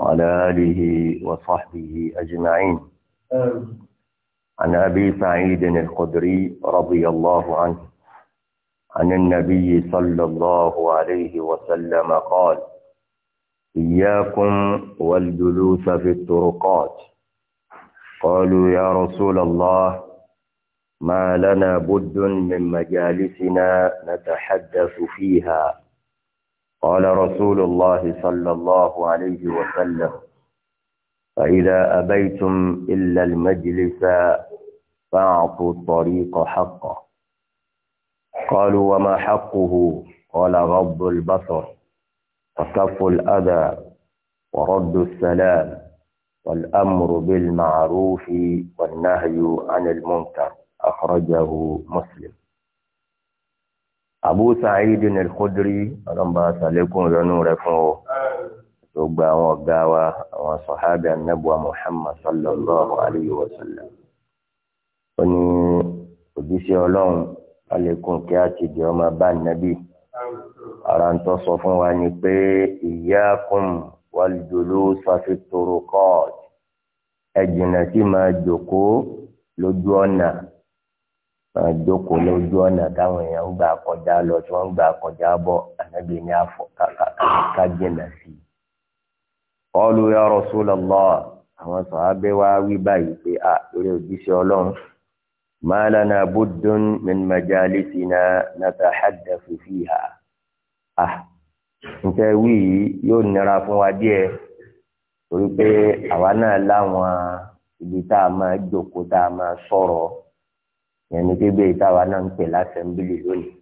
وعلى آله وصحبه أجمعين عن أبي سعيد الخدري رضي الله عنه عن النبي صلى الله عليه وسلم قال إياكم والجلوس في الطرقات قالوا يا رسول الله ما لنا بد من مجالسنا نتحدث فيها قال رسول الله صلى الله عليه وسلم فإذا أبيتم إلا المجلس فاعطوا الطريق حقه قالوا وما حقه قال غض البصر وكف الأذى ورد السلام والأمر بالمعروف والنهي عن المنكر أخرجه مسلم Abu Sa'id al-Khudri ọlọ́mọba sàlékún lọ́nù rẹ̀ fún ọ gbogbo àwọn ọ̀gá wa àwọn sọ̀hábì anábùwà Muhammad sallallahu alayhi wa sallam ó ní òjíṣẹ́ ọlọ́run alẹ́kùn kí á ti di ọmọ bá nàbí ara ń tọ́ sọ fún wa ni pé iyyakum wal julus fi turuqat sí máa jòkó lójú ọ̀nà máa jókòó lójú ọ̀nà táwọn èèyàn ń gbà kọjá lọ tí wọ́n ń gbà kọjá bọ̀ ànábì ní àfọ kájìnà sí i. qalu ya Rasulullah àwọn sàábẹ́ wá wí báyìí pé a eré òjíṣẹ́ ọlọ́run ma lana buddun min majalisina natahaddathu fiha. nǹkan wí yóò nira fún wa díẹ̀ torí pé àwa náà láwọn ibi tá a máa jókòó tá a máa sọ̀rọ̀ yẹn ni kébé ìtawà náà ń pè lásẹ̀ńbílì lónìí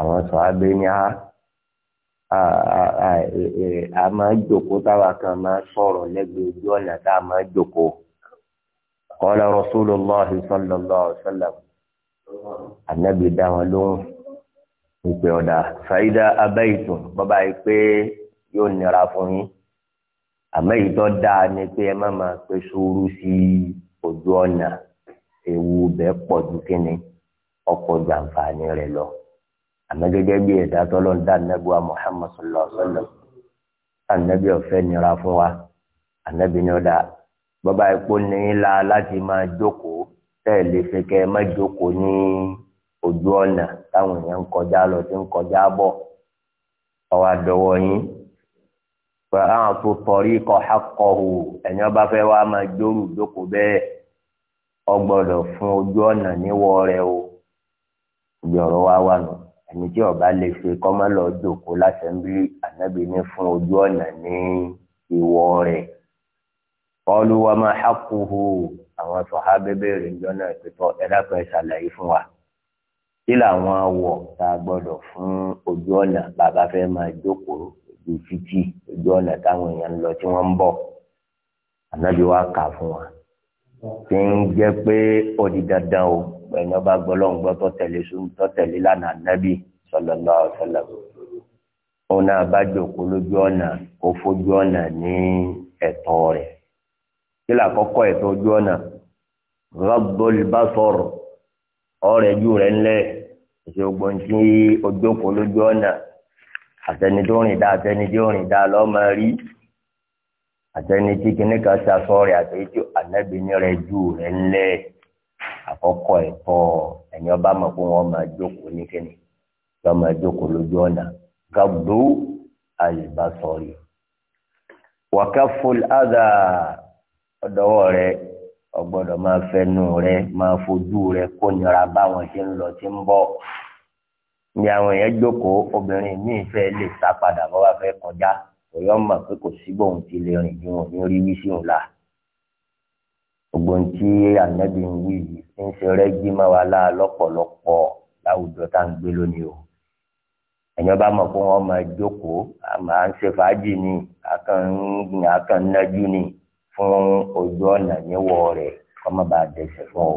àwọn sọ̀hábẹ́ ní a a e, e, máa jòkó táwa kan máa sọ̀rọ̀ lẹ́gbẹ̀ẹ́ ojú ọ̀nà tá a máa jòkó qala Rasulullahi sallallahu alaihi wasallam ànábì dá wọn lóhùn ìpè ọ̀dà fàyídà abẹ́ìtù bọ́bá yìí pé yóò nira fún yín àmọ́ èyí dáa ni pé ẹ má máa pe sùúrù sí ojú ọ̀nà ewu bẹ́ẹ̀ pọ̀ ju kínní ọkọ̀ ju àǹfààní rẹ̀ lọ àmọ́ gẹ́gẹ́ bí ẹ̀dá tọ́lọ́ ń dá ànábì wa Muhammad sallallahu alaihi wasallam ànábì ọ̀fẹ́ nira fún wa ànábì ni ó dá bàbá epo ní la láti máa jókòó tẹ̀lé fi kẹ́ ẹ má jókòó ní ojú ọ̀nà táwọn èèyàn ń kọjá lọ tí ń kọjá bọ̀ ọwọ́ àdọ́wọ́ yín pẹ̀lú àwọn tó tọrí kọ́ hákọ́hù ẹ̀yìn ọba fẹ́ wá máa jórù jókòó bẹ́ẹ̀ ọgbọ́dọ̀ fún ojú ọ̀nà níwọ̀ rẹ o ìbí ọ̀rọ̀ wa wà nù ẹni tí ọba lè ṣe kọ́mọ́ lọ jòkó lásẹ̀mbílì ànábì ní fún ojú ọ̀nà ní ìwọ̀ rẹ kọlu wa máa hakuhu àwọn sọ̀há bẹ́bẹ̀rẹ̀ níjọ́ náà pẹ̀tọ́ ẹ̀dàpẹ̀ ṣàlàyé fún wa kí làwọn awọ tá a gbọ́dọ̀ fún ojú ọ̀nà bàbá fẹ́ máa jókòó ojú títì ojú ọ̀nà táwọn èèyàn ń lọ tí wọ́n ń bọ̀ ànábì wa kà fún wa tí ń jẹ́ pé ó di dandan o ẹni ọba gbọlọ́ngbọ́ tó tẹ̀lé sùn tó tẹ̀lé lánàá nábì sallallahu alaihi wasallam òun náà bá jòkó lójú ọ̀nà kó fojú ọ̀nà ní ẹ̀tọ́ rẹ̀ kí ló àkọ́kọ́ ẹ̀tọ́ ojú ọ̀nà Rabbul basar ọ̀rẹ́ ju rẹ̀ ńlẹ̀ ṣe gbọ́n tí ojókòó lójú ọ̀nà àtẹnidórin dá àtẹnidórin dá lọ́mọ rí àtẹni tí kinní kan ṣe aṣọ rẹ̀ àtẹni tí ànábì ní rẹ̀ jù rẹ̀ ńlẹ̀ àkọ́kọ́ ẹ̀kọ́ ẹni ọba mọ̀ pé wọ́n máa jókòó ní kíni wọ́n máa jókòó lójú ọ̀nà gàgbó àlùbásọ̀rì wàkàfọl àdà ọ̀dọ́wọ́ rẹ̀ ọgbọ́dọ̀ máa fẹnu rẹ̀ máa fojú rẹ̀ kó nira báwọn ṣe ń lọ tí ń bọ̀ ní àwọn èèyàn jókòó obìnrin míì fẹ́ lè sá padà bọ́ bá fẹ́ kọjá òyọ́ mọ̀ pé kò sí bóun ti lè rìn ju wọn ní orí wí sí òun la gbogbo ohun tí ànábì ń wí yìí ń ṣe rẹ́gí mọ́ wa lá lọ́pọ̀lọpọ̀ láwùjọ tá à ń gbé lónìí o ẹ̀yin ọba mọ̀ pé wọ́n máa jókòó àmọ́ à ń ṣe fàájì ni àkànń àkànń nájú ni fún ojú ọ̀nà níwọ̀ rẹ̀ kọ́mọ́ bá dẹ̀sẹ̀ fún o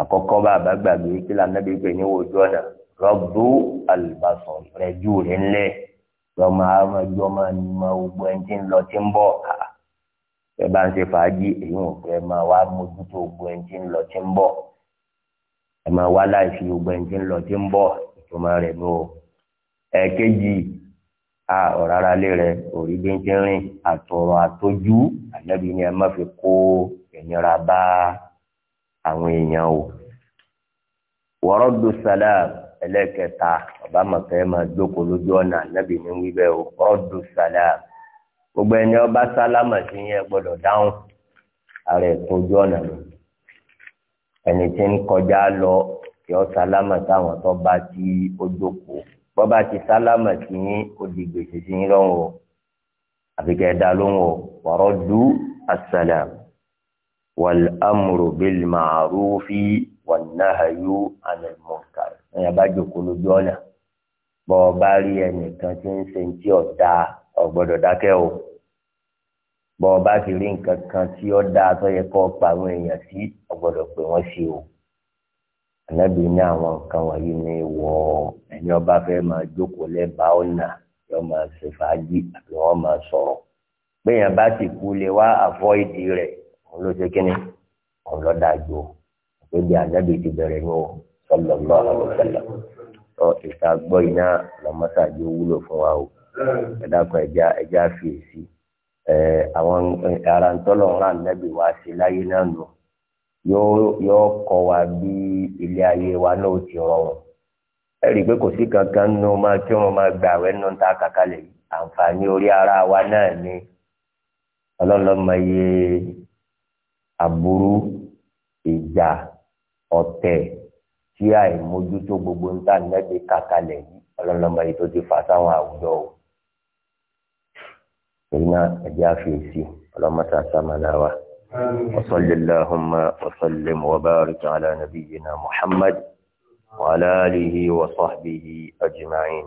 àkọ́kọ́ bá àbá gbàgbé kí lànà bí pé níwọ̀ ojú ọ̀nà rọ́bù àlùbásọ̀ rẹ̀ jù rẹ̀ ńlẹ̀ lọ́mọ àwọn ẹjọ́ máa ní ma gbogbo ẹni tí ń lọ tí ń bọ̀ ká ẹ bá ń ṣe fàájì èyí ò fẹ́ máa wá mójútó gbogbo ẹni tí ń lọ tí ń bọ̀ ẹ máa wá láì fi gbogbo lọ tí ń bọ̀ ìtumọ̀ rẹ̀ ní o ẹ̀ẹ́kejì a ọ̀rára lé rẹ̀ òrí bí ń ti rìn àtọ̀rọ̀ àtọ́jú ànábi ni ẹ má fi kó ìnira bá àwọn èèyàn o wọ́rọ́ do salam ẹlẹ́kẹta bàbá màkà máa jókòó lójú ọ̀nà ànábì ní wíbẹ̀ o rọ́dù sàlám gbogbo ẹni ọba sálámà sí yẹn gbọ́dọ̀ dáhùn ààrẹ ìkójú ọ̀nà mi ẹni tí ń kọjá lọ kí ọ sálámà táwọn tó bá ti ó bọ́ba ti sálámà sí yín ó di gbèsè sí yín lọ́wọ́ àbíkẹ́ dá lóhùn o wọ́rọ́ dú asàlám wàlámùrù bílmàrúfì wànáhàyú ànàmọ́k ẹ̀yìn abájòkó lójú ọ̀nà bọ́ ọ bá rí ẹnìkan tí ń ṣe tí ọ̀ da ọ̀gbọ́dọ̀ dákẹ́ o bọ́ ọ bá ti rí nǹkan kan tí ọ̀ da tó yẹ kó pa àwọn èèyàn sí ọ̀gbọ́dọ̀ pé wọ́n sí o ànábì ní àwọn nǹkan wọ̀nyí ní wọ ẹni ọba fẹ́ máa jókòó lẹ́bàá ọ̀nà yọ máa ṣe fàájì àbí wọ́n máa sọ̀rọ̀ gbẹ̀yìn bá ti kú lè wá àfọ́ìdì rẹ̀ òun ló ṣe kínní òun lọ́ọ́ dájú o àti ànábì ti bẹ̀rẹ̀ ní o sallallahu alaihi wasallam ọ ìta gbọ́ iná lọ́mọ́sàájú wúlò fún wa o ẹ̀dàkùn ẹja ẹja fèsì ẹ̀ àwọn ara ń tọ́lọ̀ ńlá nẹ́bí wa sí láyé náà nù yóò kọ́ wa bí ilé ayé wa náà ti rọrùn ẹ rí i pé kò sí kankan nù máa tí wọn máa gbà wẹ́ nù ta kàkálẹ̀ àǹfààní orí ara wa náà ni ọlọ́lọ́mọye aburú ìjà ọ̀tẹ̀ tí àìmójútó gbogbo ń tà nẹ́bí kàkálẹ̀ yìí ọlọ́lọ́mọ yìí tó ti fà sáwọn àwùjọ o. èyí náà ẹ̀jẹ̀ àfẹ́sí ọlọ́mọta sàmàlà wa. وصل اللهم وسلم وبارك على نبينا محمد وعلى آله وصحبه أجمعين